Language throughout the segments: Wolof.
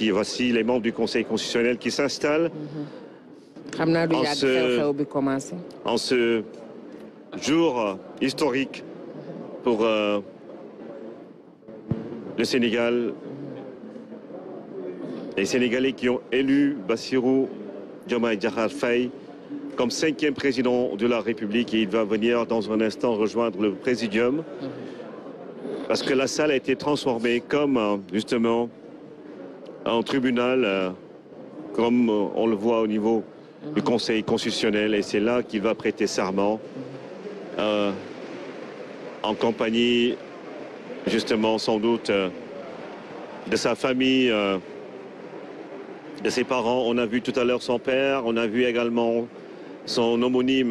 Et voici les membres du Conseil constitutionnel qui s'installent. xam naa en ce jour historique pour euh, le Sénégal les Sénégalais qui ont élu Bassirou Diomaye Diakhar comme cinquième président de la République et il va venir dans un instant rejoindre le Présidium mhm. parce que la salle a été transformée comme euh, justement en tribunal, euh, comme euh, on le voit au niveau du mhm. Conseil constitutionnel. Et c'est là qu'il va prêter serment euh, en compagnie, justement, sans doute, euh, de sa famille, euh, de ses parents. On a vu tout à l'heure son père, on a vu également son homonyme.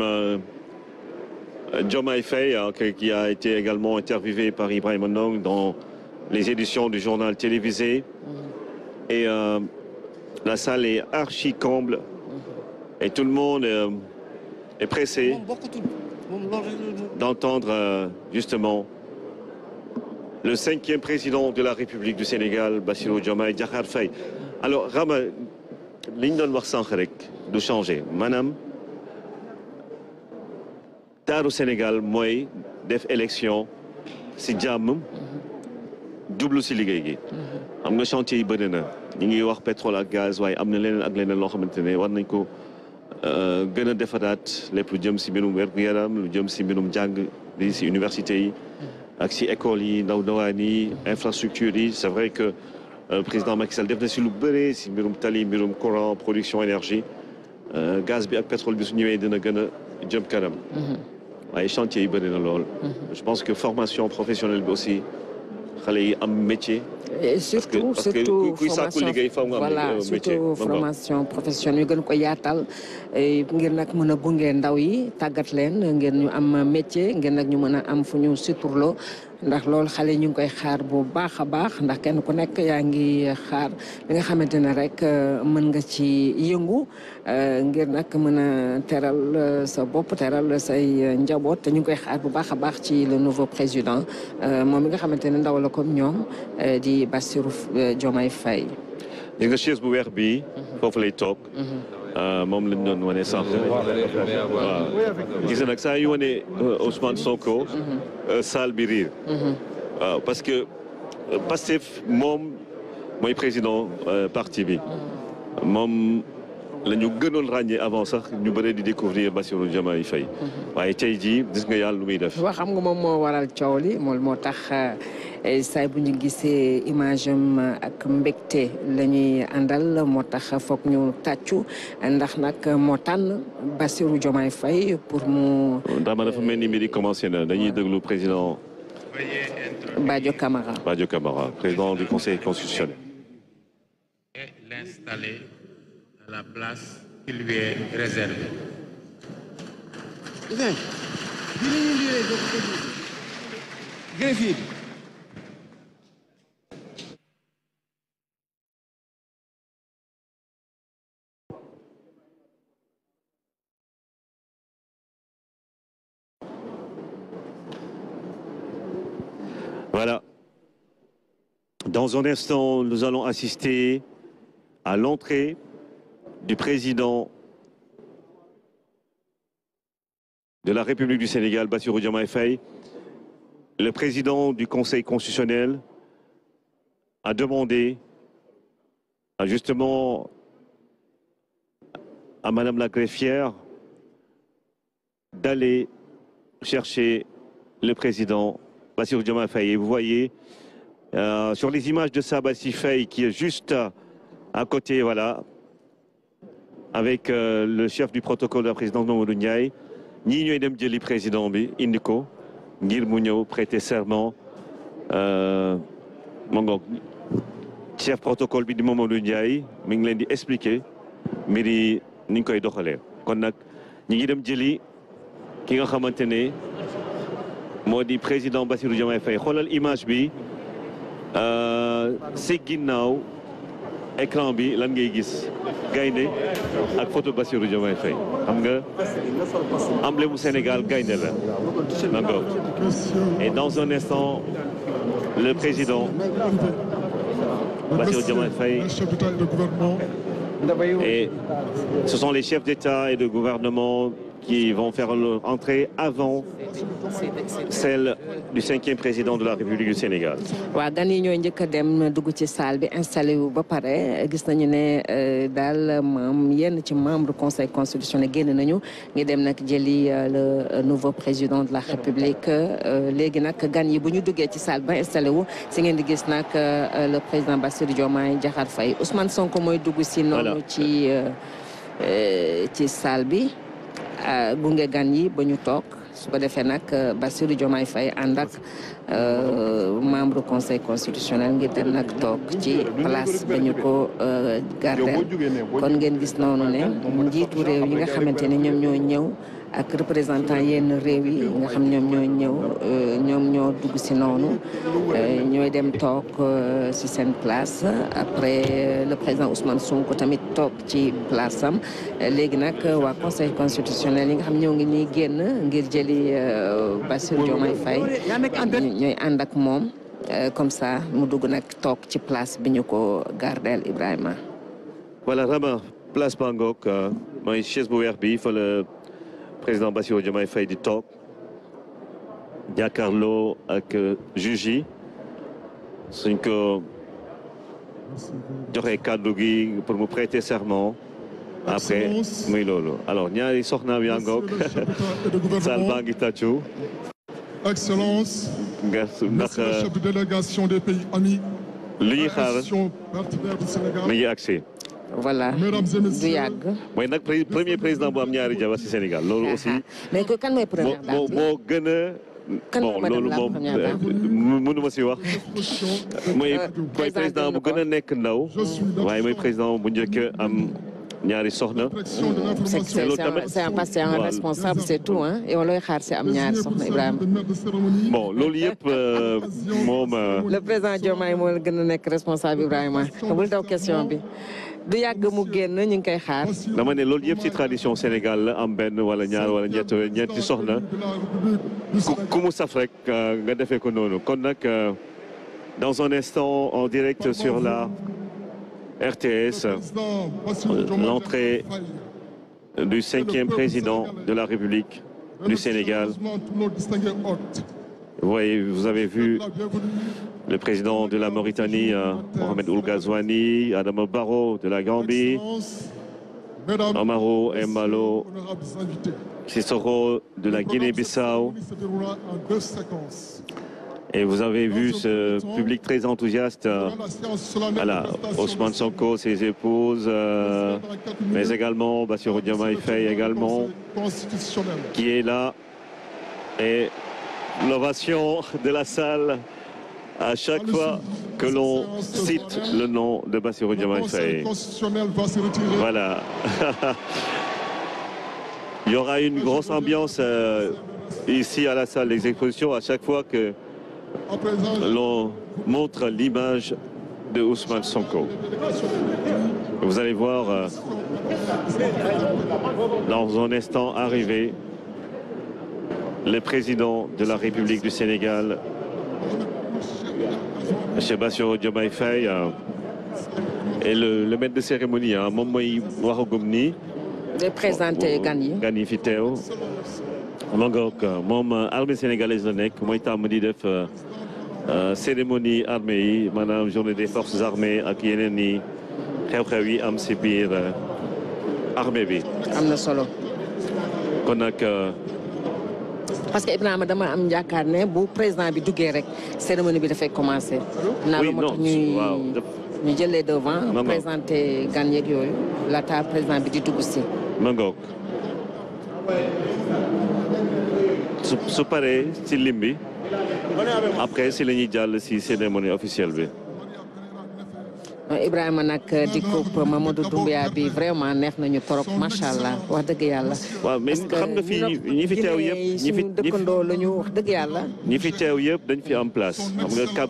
John euh, Maifei, qui a été également interviewé par Ibrahim Onong dans les éditions du journal télévisé. Mm -hmm. Et euh, la salle est archi comble. Et tout le monde euh, est pressé d'entendre euh, justement le cinquième président de la République du Sénégal, Bassirou Diomaye Diakhar Faye. Alors Rama li ñu doon wax sànq rek du changé maanaam taaru Sénégal mooy def élection si jàmm jublu si liggéey gi. xam mhm. nga chantier yi bëri na. ñu ngi wax pétrole ak gaz waaye am na leneen ak leneen loo xamante ne war nañ ko euh, gën a defaraat lépp lu jëm si mbirum wér-gu-yaram lu jëm si mbirum jàng di si université yi mm. ak si école yi ndaw ndawaan yi infrastructure yi c'est vrai que euh, président Macky Sall def si lu bëree si mbirum tali mbirum courant production énergie euh, gaz bi ak pétrole bi su ñëwee dina gën a jëm kanam mm-hmm. waaye chantier bëri na lool mm-hmm. je pense que formation professionnelle bi aussi xale yi am métier et surtout surtout formation voilà euh, surtout formation professionnelle ñu gën ko yaatal ngeen nag mën a gunge ndaw yi tàggat leen ngeen ñu am métier ngeen nag ñu mën a am fu ñu suturloo ndax loolu xale ñu ngi koy xaar bu baax a baax ndax kenn ku nekk yaa ngi xaar li nga xamante ne rek euh, mën nga ci yëngu euh, ngir nag mën a teral euh, sa bopp teral say njaboot te ñu ngi koy xaar bu baax a baax ci le nouveau président moom mi nga xamante ne ndaw la comme ñoom di Bassirou Diomaye Faye. di nga bu weex bi mhm. foofu lay toog. Mhm. Euh, moom lañ doon wane sànq waaw gis nga nag saa yu wane euh, Ousmane Sonko mhm. euh, saal bi riir mhm. waaw parce que Pastef moom mooy président parti bi mhm. moom la ñu gënoon ràññee avant sax ñu bëree di découvrir Bassirou Diomaye Faye mhm. waaye tey jii gis nga yàlla lu muy def waaw xam nga moom moo waral coow li moo tax eh, saay bu ñu gisee image ak mbégte la ñuy àndal moo tax foog ñu tàccu ndax nag moo tànn Bassirou Diomaye Faye pour mu. dama dafa mel ni mbir yi commencé na dañuy déglu président. Badio Camara Badio Camara président du conseil constitutionnel. la place qui lui est réservée. Greffier bi Voilà. Dans un instant, nous allons assister à l'entrée du président de la République du Sénégal, Bassirou Diomaye Faye, le président du Conseil constitutionnel a demandé à justement à Madame la greffière d'aller chercher le président Bassirou Diomaye Faye. Et vous voyez euh, sur les images de Sabassi Faye qui est juste à côté, voilà, avec euh, le chef du protocole de la présidence Mamadou ñii ñooy dem jëli président bi indi ko ngir mu ñëw prêter serment euh, ma ngoog chef protocole bi di Mamadou Ndiaye mi ngi leen di expliquer mbir yi ni ñu koy doxalee kon nag ñi ngi dem jëli ki nga xamante ne moo di président Bassirou Diomaye Faye xoolal image bi euh, si ginnaaw écran bi lan ngay gis gaynde ak photo Bassirou Diomaye Faye xam nga emblème mu Sénégal gaynde la d'accord et dans un instant le président Bassirou Diomaye Faye et ce sont les chefs d'État et de gouvernement qui vont faire entrer avant celle du cinquième président de la République du Sénégal. waaw gan yi ñooy njëkk a dem dugg ci salle bi installé wu ba pare gis nañu ne euh, daal maam yenn ci membre conseil constitutionnel génn nañu ngi dem nag jëli euh, le euh, nouveau président de la République léegi nag gan yi bu ñu duggee ci salle ba installé wu si ngeen di gis nag le président Bassirou Diomaye Diakhar Faye Ousmane Sonko mooy dugg si noonu ci ci salle bi. Euh, gunge gan yi ba ñu toog su ko defee nag euh, Bassirou Diomaye fay ànd ak euh, membre conseil constitutionnel ngir dem nag toog ci place ba ñu ko gardeel kon ngeen gis noonu ne njiitu réew yi nga xamante ne ñoom ñoo ñëw ak représentant yenn réew yi nga xam ñoom ñoo ñëw euh, ñoom ñoo dugg si noonu euh, ñooy dem toog euh, si seen place après le président Ousmane Sonko tamit toog ci place sam léegi nag waa conseil constitutionnel yi nga xam ñoo ngi nii génn ngir jëli Bassirou Diomaye fay ñooy ànd ak moom comme ça mu dugg nag toog ci place bi ñu ko gardeel Ibrahima. voilà weex bi président Bassirou Diomaye Faye di toog jàkkaarloo ak euh, juge yi suñ ko joxe kàddu gi pour mu prêter serment après muy loolu alors ñaari soxnaam yaa ngoog saal baa ngi tàccu Excellence, Monsieur le chef de délégation des pays amis, lu ñuy xaar mi ngi agsi voilà du mooy nag premier président bu am ñaari jabar ci Sénégal loolu ah, aussi. Ah. mais kan mooy première dame moo gën a. bon loolu moom si euh, wax. mooy euh, mooy président bu gën nekk ndaw. waaye mooy président bu njëkk am. ñaari soxna. c'est un pasteur un responsable c'est tout hein yow looy xaar si am ñaari soxna Ibrahima. bon loolu yëpp euh, moom. le président Diomaye moo gën a nekk responsable Ibrahima bul daw question bi. du yàgg mu génn ñu ngi koy xaar. dama ne loolu yëpp ci tradition Sénégal la am benn wala ñaar wala ñett ñetti soxna ku mu saf rek euh, nga defee ko noonu kon nag euh, dans un instant en direct sur la RTS l'entrée du cinquième président de la République du Sénégal. vous avez vu le président de la Mauritanie, euh, Mohamed Oulgazouani, Adama Barrow de la Gambie, Amaro Mbalo, Sissoko de la Guinée-Bissau. Et vous avez vu ce public très enthousiaste. Voilà, euh, Osman Sonko, ses épouses, euh, mais également Bassirou Diomaye également, qui est là. Et l'ovation de la salle à chaque fois que l'on cite le nom de Bassirou Diomaye Voilà. Il y aura une grosse ambiance euh, ici à la salle des expositions à chaque fois que l'on montre l'image de Ousmane Sonko. Vous allez voir euh, dans un instant arriver le président de la République du Sénégal, Bassirou Diomaye Faye euh, et le le maître de cérémonie ah moom mooy waxagum nii. de présenter gan yi gan yi fi teew. ma ngoog moom armée sénégalaise la nekk mooy tàmm di def euh, euh, cérémonie armée yi maanaam journée des forces armées ak yeneen i xew-xew yi am si biir armée bi. am na solo. kon nag. parce que Ibrahima dama am yaakaar ne bu président bi duggee rek cérémonie bi dafay commencé. naa la moo tax ñuy ñu jëlee devant. présenté gan yeeg yooyu laata président bi di dugg si. Mangoog su su paree si lim bi après si la ñuy jàll si cérémonie officielle bi. Ibrahima nag euh, di coupe Mamadou Doumbia bi vraiment neex nañu trop macha allah wax dëgg yàlla. waaw mais xam nga fi ñi fi teew yëpp ñi fi dëkkandoo la ñu wax dëgg yàlla. ñi fi teew yëpp dañ fi am place xam noo Cap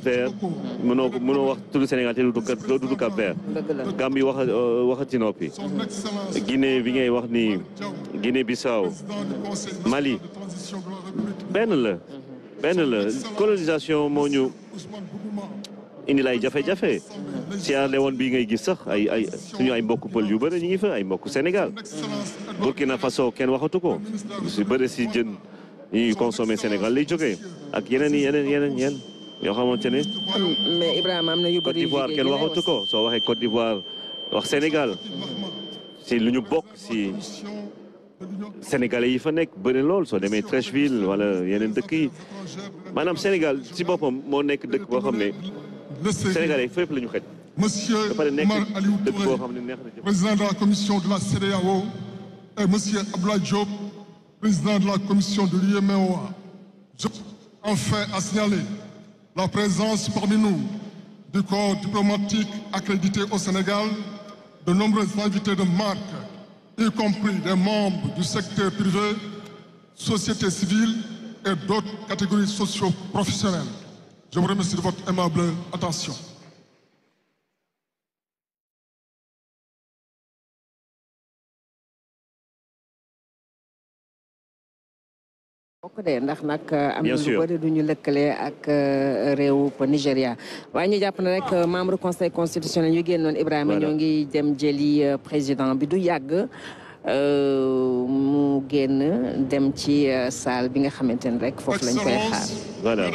wax tudd Sénégal te doo tudd Cap Vert. dëgg la Gambie wax euh, waxati noppi. Guinée bi ngay wax ni Guinée Bissau Mali benn la. benn la colonisation moo ñu indi jafe-jafe. Sierra Leone bii ngay gis sax ay ay mbokk pël yu bëri ñu ngi fa ay mbokk Sénégal Burkina Faso kenn waxatu ko si bëri si jën ñuy consommé Sénégal lay jógee ak yeneen yeneen yeneen yeneen yoo xamante ne. Ibrahima na yu bëri Côte d'Ivoire kenn waxatu ko soo waxee Côte d'Ivoire wax Sénégal si lu ñu bokk si Sénégalais yi fa nekk bëri lool soo demee Treichville wala yeneen dëkk yi maanaam Sénégal si boppam moo nekk dëkk boo xam ne Sénégalais fépp la ñu xëj. Monsieur Omar Aliou Touré, président de la commission de la CEDEAO, et Monsieur Abdoulaye Diop, président de la commission de l'UMOA. E Je enfin à signaler la présence parmi nous du corps diplomatique accrédité au Sénégal de nombreux invités de marque, y compris des membres du secteur privé, société civile et d'autres catégories socio-professionnelles. Je vous remercie de votre aimable attention. ndax nag. am na lu bëri du ñu lëkkale ak euh, réew pa Nigéria. waaye ñu jàpp na rek euh, membre conseil constitutionnel yu génnoon Ibrahima ñoo ngi dem jëli euh, président bi du yàgg. mu génn dem ci salle bi nga xamante ne rek foofu lañ koy xaar. voilà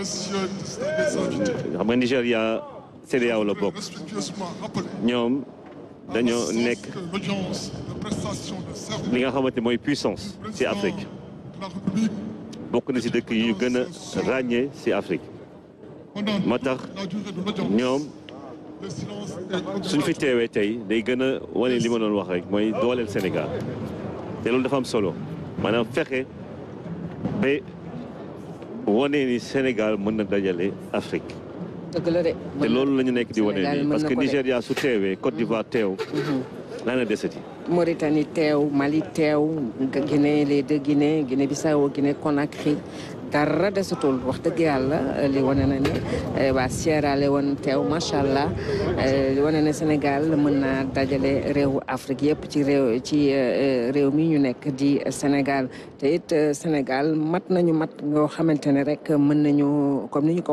xam nga Nigéria CEDEAO la bokk ñoom dañoo nekk li nga xamante mooy puissance ci Afrique. bokk na ci dëkk yi ñu gën a ràññee ci Afrique moo tax ñoom suñ fi teewee tey day gën a wane li ma doon wax rek mooy dooleel Sénégal te loolu dafa am solo maanaam fexe ba wane ni Sénégal mën na dajale Afrique te loolu la ñu nekk di wane nii parce que Nigéria su teewee Côte d'Ivoire teew laa mhm. na desati Mauritanie teew Mali teew Guinée les deux Guinée Guinée Bissau Guinée Conakry dara desatul wax dëgg yàlla eh, li wane na ne eh, waa Sierra Leone teew macha allah eh, li wane na Sénégal mën naa dajale réewu Afrique yëpp ci réew ci réew mi ñu nekk di Sénégal te it Sénégal mat nañu mat ngoo xamante ne rek mën nañu comme ni ñu ko